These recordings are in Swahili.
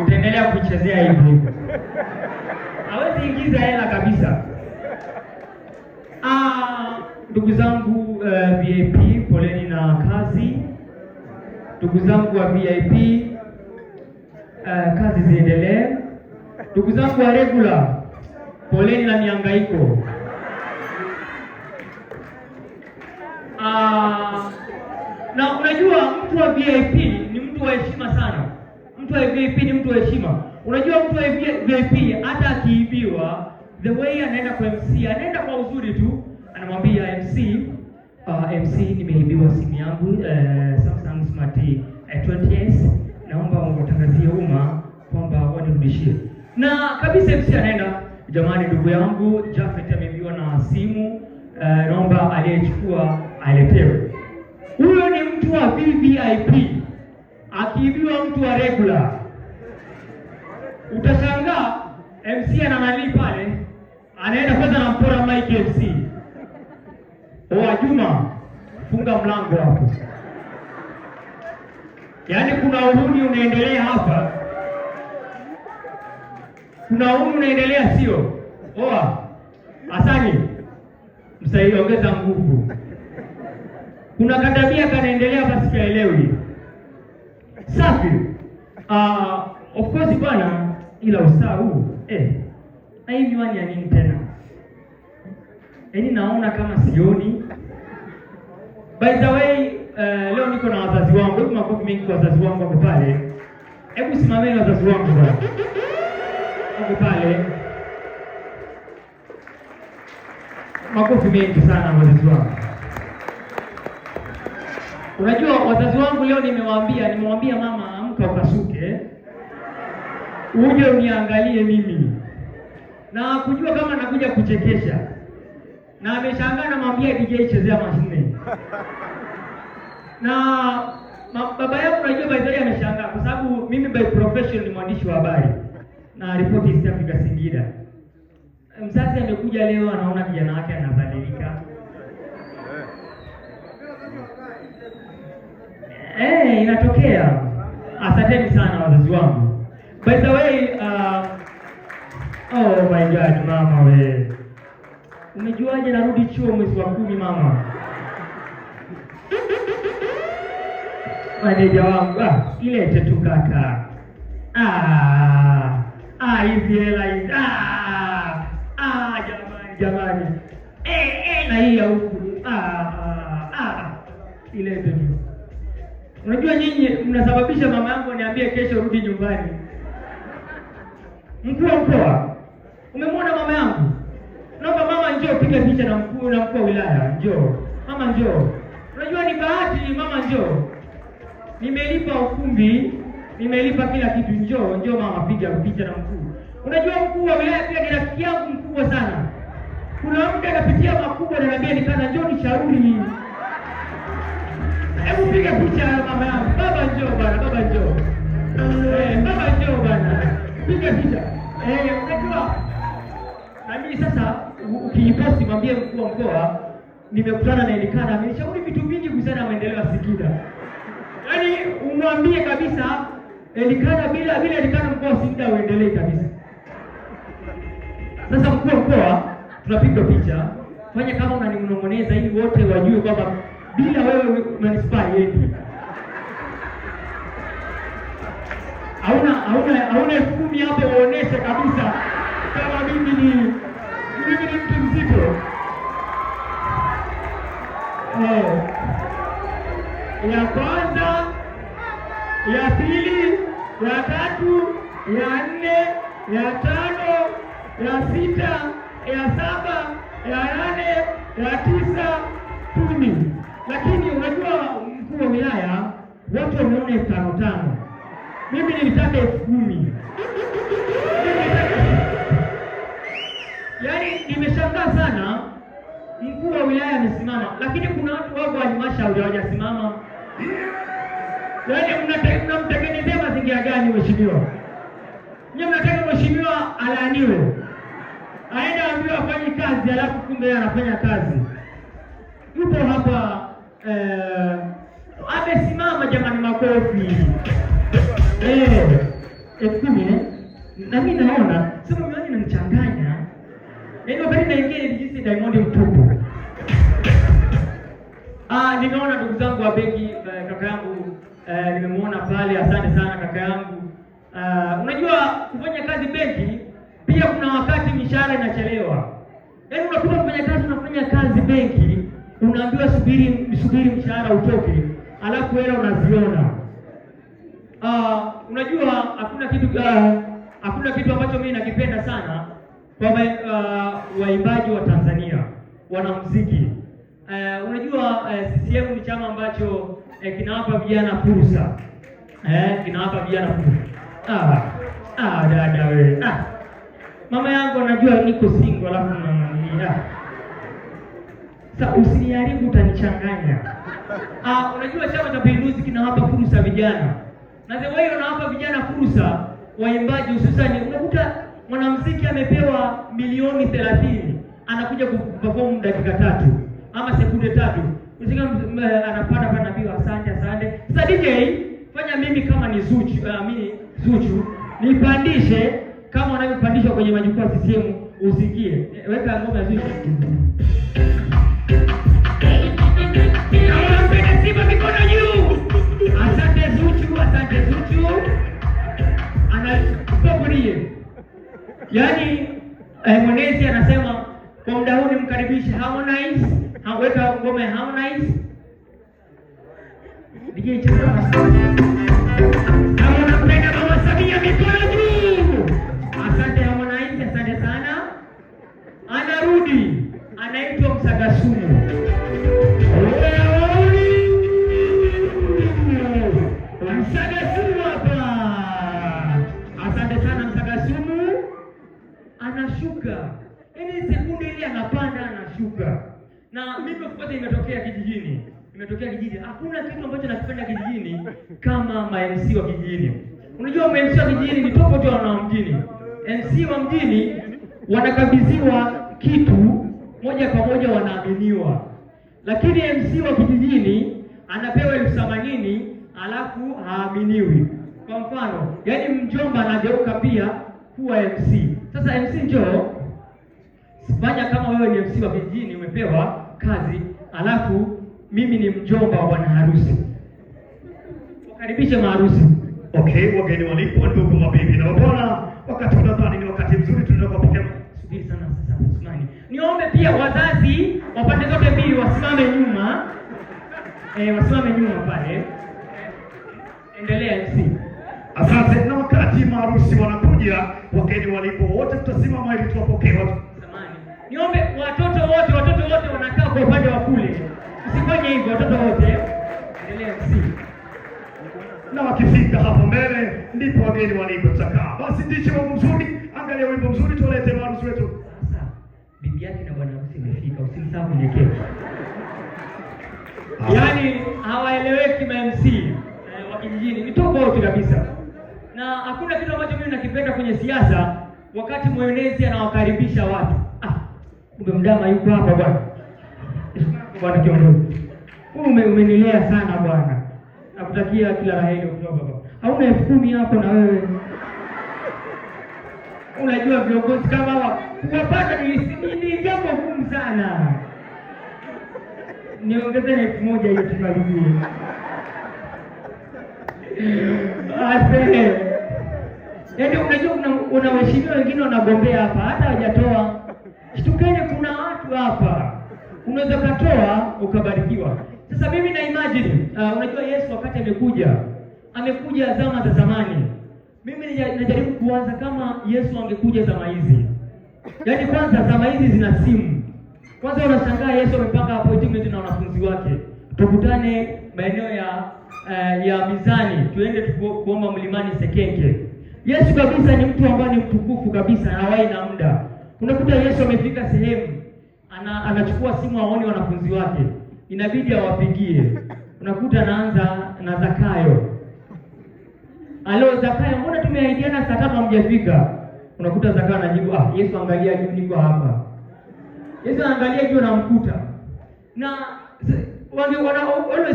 utaendelea kuchezea hivyo hivyo, hawezi ingiza hela kabisa. Ah, ndugu zangu uh, eh, VIP poleni na kazi. Ndugu zangu wa VIP uh, eh, kazi ziendelee. Ndugu zangu wa regular poleni na mihangaiko. Ah, na unajua mtu wa VIP ni mtu wa heshima sana mtu wa VIP ni mtu wa heshima. Unajua mtu wa VIP hata akiibiwa, the way anaenda kwa MC, anaenda kwa uzuri tu, anamwambia MC, uh, MC nimeibiwa simu yangu uh, Samsung Smart uh, 20s, naomba watangazie umma kwamba wanirudishie. Na kabisa MC anaenda, jamani, ndugu yangu Jafet ameibiwa na simu uh, naomba aliyechukua aletewe. Huyo ni mtu wa VIP akiibiwa mtu wa regular, utashangaa MC ananalii pale, anaenda kwanza nampora mike MC. Oa Juma, funga mlango hapo. Yaani kuna uhuni unaendelea hapa, kuna uhuni unaendelea, sio? Oa Asani, msaiongeza nguvu. Kuna katabia kanaendelea, basi sielewi. Safi. Uh, of course bwana, ila usaa huu eh, na hii miwani ya nini tena? Yaani naona kama sioni. By the way, uh, leo niko na wazazi wangu. Hebu makofi mengi kwa wazazi wangu wako pale. Hebu simameni wazazi wangu bwana. Wako pale. Makofi mengi sana wazazi wangu. Unajua wazazi wangu leo nimewaambia, nimewaambia mama, amka ukasuke uje uniangalie mimi, na kujua kama nakuja kuchekesha, na ameshangaa, namwambia DJ chezea mashine na ma, baba yangu najua baadhi ameshangaa kwa sababu mimi by profession ni mwandishi wa habari na ripoti East Africa Singida. Mzazi amekuja leo, anaona kijana wake anabadilika eh, inatokea. Asanteni sana wazazi wangu. By the way, uh, oh my god, mama we, umejuaje narudi chuo mwezi wa kumi? Mama maneja wangu ah, ilete tu kaka. Ah, ah, hizi hela hizi ah, ah, jamani jamani, eh, eh, na hii ya huku ah, ah, ah, ah ilete tu Unajua nyinyi mnasababisha mama yangu aniambie kesho rudi nyumbani. Mkuu wa mkoa, umemwona mama yangu? Naomba mama, njoo piga picha na mkuu na mkuu wa wilaya, njoo mama, njoo. Unajua ni bahati mama, njoo, nimelipa ukumbi, nimelipa kila kitu, njoo, njoo mama, piga picha na mkuu. Unajua mkuu wa wilaya pia ni rafiki yangu mkubwa sana, kuna mtu anapitia makubwa, ananiambia nikaza, njoo nishauri Hebu piga picha ya mama yangu. Baba njoo bwana, baba njoo. Eh, baba njoo bwana. Piga picha. Eh, unajua? Na mimi sasa ukiiposti mwambie mkuu wa mkoa nimekutana na Elikana, ameshauri vitu vingi kuhusiana na maendeleo ya Singida. Yaani umwambie kabisa Elikana bila bila Elikana mkoa wa Singida uendelee kabisa. Sasa mkuu wa mkoa tunapiga picha. Fanya kama unaning'ong'oneza ili wote wajue kwamba bila wewe unanispy yetu hauna hauna hauna elfu kumi hapo uoneshe kabisa kama mimi ni mimi ni mtu mzito eh ya kwanza ya pili ya tatu ya nne ya tano ya sita ya saba ya nane ya tisa kumi lakini unajua mkuu wa wilaya watu wameona elfu tano tano, mimi nilitaka elfu kumi. Yaani nimeshangaa sana, mkuu wa wilaya amesimama, lakini kuna watu wako halmashauri hawajasimama. Yaani mnamtengenezea mazingira gani mheshimiwa? Nyie mnataka mheshimiwa alaaniwe, aende aambiwe afanye kazi, alafu kumbe anafanya kazi. Yupo hapa eh, amesimama jamani, makofi eh, elfu eh, kumi eh, na mimi naona sema mimi nanichanganya, yaani wakati naingia nilijisi Diamond mtupu. Ah, nimeona ndugu zangu wa begi, eh, kaka yangu eh, nimemuona pale, asante sana kaka yangu. Uh, unajua kufanya kazi benki pia kuna wakati mishahara inachelewa, yaani unakuta kufanya kazi unafanya kazi benki unaambiwa subiri, subiri mshahara utoke, alafu hela unaziona. Uh, unajua hakuna kitu ah, hakuna uh, kitu ambacho mimi nakipenda sana kwa uh, waimbaji wa Tanzania wanamuziki uh, unajua uh, eh, CCM ni chama ambacho uh, kinawapa vijana fursa uh, kinawapa vijana fursa ah, ah, dada we ah. Mama yangu anajua niko single alafu ah. Sa usiniharibu, utanichanganya. Ah, unajua Chama cha Mapinduzi kinawapa fursa vijana, na the way unawapa vijana fursa waimbaji, hususani unakuta mwanamuziki amepewa milioni thelathini anakuja kuperform dakika tatu ama sekunde tatu eh, anapanda pale naambiwa asante asante. Sasa DJ, fanya mimi kama ni Zuchu, uh, mimi Zuchu nipandishe kama unavyopandishwa kwenye majukwaa CCM, usikie eh, weka ngoma ya Zuchu Yaani eh, mwenezi anasema kwa muda huu nimkaribishe Harmonize, haweka ngoma ya Harmonize. anashuka, yaani sekunde ile anapanda anashuka. Na mimi of course kijijini, imetokea kijijini. Hakuna kitu ambacho nakipenda kijijini kama ma MC wa kijijini. Unajua ma MC wa kijijini ni tofauti wa mjini. MC wa mjini wanakabidhiwa kitu moja kwa moja, wanaaminiwa, lakini MC wa kijijini anapewa elfu themanini alafu haaminiwi. Kwa mfano, yaani mjomba anageuka pia kuwa MC. Sasa MC njoo, sifanya kama wewe ni MC wa vijijini umepewa kazi, alafu mimi ni mjomba wa bwana harusi. Wakaribishe maharusi. Okay, wageni walipo ndugu, mabibi na mabwana, wakati unadhani ni wakati mzuri tunapokea. Subiri sana sasa, Usmani. Niombe pia wazazi wa pande zote mbili wasimame nyuma. Eh, wasimame nyuma pale. Endelea MC. Asante, na wakati maharusi wana kuja wakeni walipo wote, tutasimama ili tuwapokee watu. Niombe watoto wote, watoto wote wanakaa kwa upande wa kule, usifanye hivyo. Watoto wote endelea kusi, na wakifika hapo mbele ndipo wageni walipo tutakaa. Basi ndiche wangu mzuri, angalia wimbo mzuri, tuwalete maarusi wetu. bibi yake na bwana harusi imefika, usimsahau kwenye keki. Ah. Yaani hawaeleweki ma MC eh, wa kijijini, ni tofauti kabisa na hakuna kitu ambacho mimi nakipenda kwenye siasa wakati mwenezi anawakaribisha watu. Ah, kumbe mdama yuko hapa bwana. Bwana kiongozi. Ume umenilea sana bwana. Nakutakia kila la heri kutoka hapa. Hauna elfu kumi hapo na wewe. Unajua viongozi kama hawa kuwapata ni ni jambo gumu sana. Niongeze na elfu moja hiyo tumalizie. Asante. Yaani unajua unaheshimiwa, wengine wanagombea hapa hata hajatoa. Shtukeni, kuna watu hapa unaweza katoa ukabarikiwa. Sasa mimi na imagine uh, unajua Yesu wakati amekuja amekuja zama za zamani. Mimi najaribu kuanza kama Yesu angekuja zama hizi, yaani kwanza zama hizi zina simu. Kwanza unashangaa Yesu amepanga appointment na wanafunzi wake, tukutane maeneo ya uh, ya mizani, tuende tuko, kuomba mlimani Sekenge. Yesu kabisa ni mtu ambaye ni mtukufu kabisa, hawai na muda. Unakuta Yesu amefika sehemu ana, anachukua simu aone wanafunzi wake, inabidi awapigie. Unakuta anaanza na Zakayo, alo Zakayo, mbona tumeahidiana saa tatu hamjafika? Unakuta Zakayo anajibu ah, Yesu angalia juu, niko hapa. Yesu anaangalia juu, anamkuta na wange wana,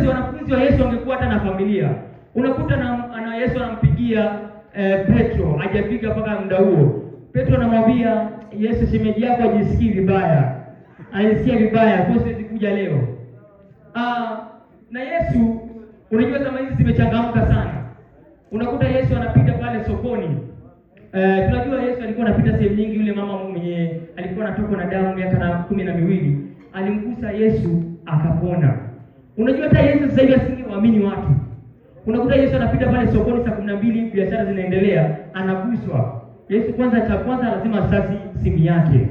wanafunzi wa Yesu wangekuwa hata na familia, unakuta na, na Yesu anampigia eh, Petro hajafika mpaka muda huo. Petro anamwambia Yesu, shemeji yako ajisikii vibaya, anajisikia vibaya kwa siwezi kuja leo. Ah, na Yesu unajua zama hizi zimechangamka sana, unakuta Yesu anapita pale sokoni. Eh, tunajua Yesu alikuwa anapita sehemu nyingi. Yule mama mwenye alikuwa anatokwa na damu miaka kumi na miwili alimgusa Yesu akapona. Unajua hata Yesu sasa hivi asingewaamini watu Unakuta Yesu anapita pale sokoni saa kumi na mbili, biashara zinaendelea, anaguswa. Yesu kwanza, cha kwanza lazima sasi simu yake,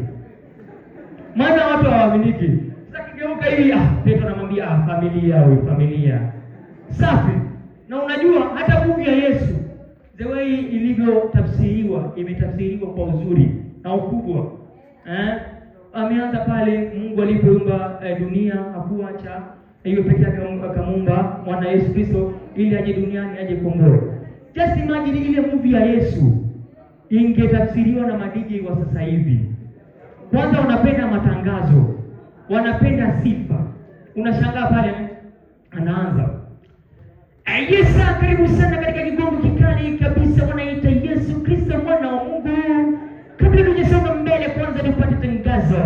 maana watu hawaaminiki. Sasa kigeuka hivi, ah, Petro anamwambia ah, familia au familia safi. Na unajua hata buku ya Yesu the way ilivyotafsiriwa imetafsiriwa kwa uzuri na ukubwa eh? Ameanza pale Mungu alipoumba eh, dunia hakuacha hiyo pekee, akamuumba mwana Yesu Kristo ili aje duniani aje komboe. Just imagine ile movie ya Yesu ingetafsiriwa na madiji wa sasa hivi. Kwanza wanapenda matangazo, wanapenda sifa. Unashangaa pale anaanza Yesu, karibu sana katika kigongo kikali kabisa, wanaita Yesu Kristo mwana wa Mungu. Kabla hujasonga mbele, kwanza nipate tangazo.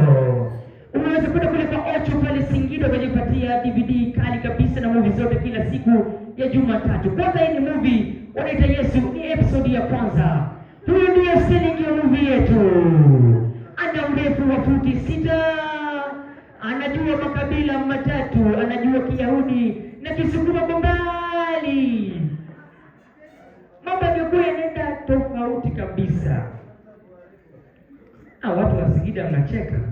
Unaweza kwenda kule kwa Ocho pale Singida ukajipatia DVD kali kabisa na movie zote kila siku ya Jumatatu. Kwanza hii ni movie wanaita Yesu, ni episode ya kwanza. Huyu ndiye silingi ya movie yetu. Ana urefu wa futi sita, anajua makabila matatu, anajua Kiyahudi na Kisukuma kwa mbali. Mambo yamekuwa yanaenda tofauti kabisa. Ah, watu wa Singida wanacheka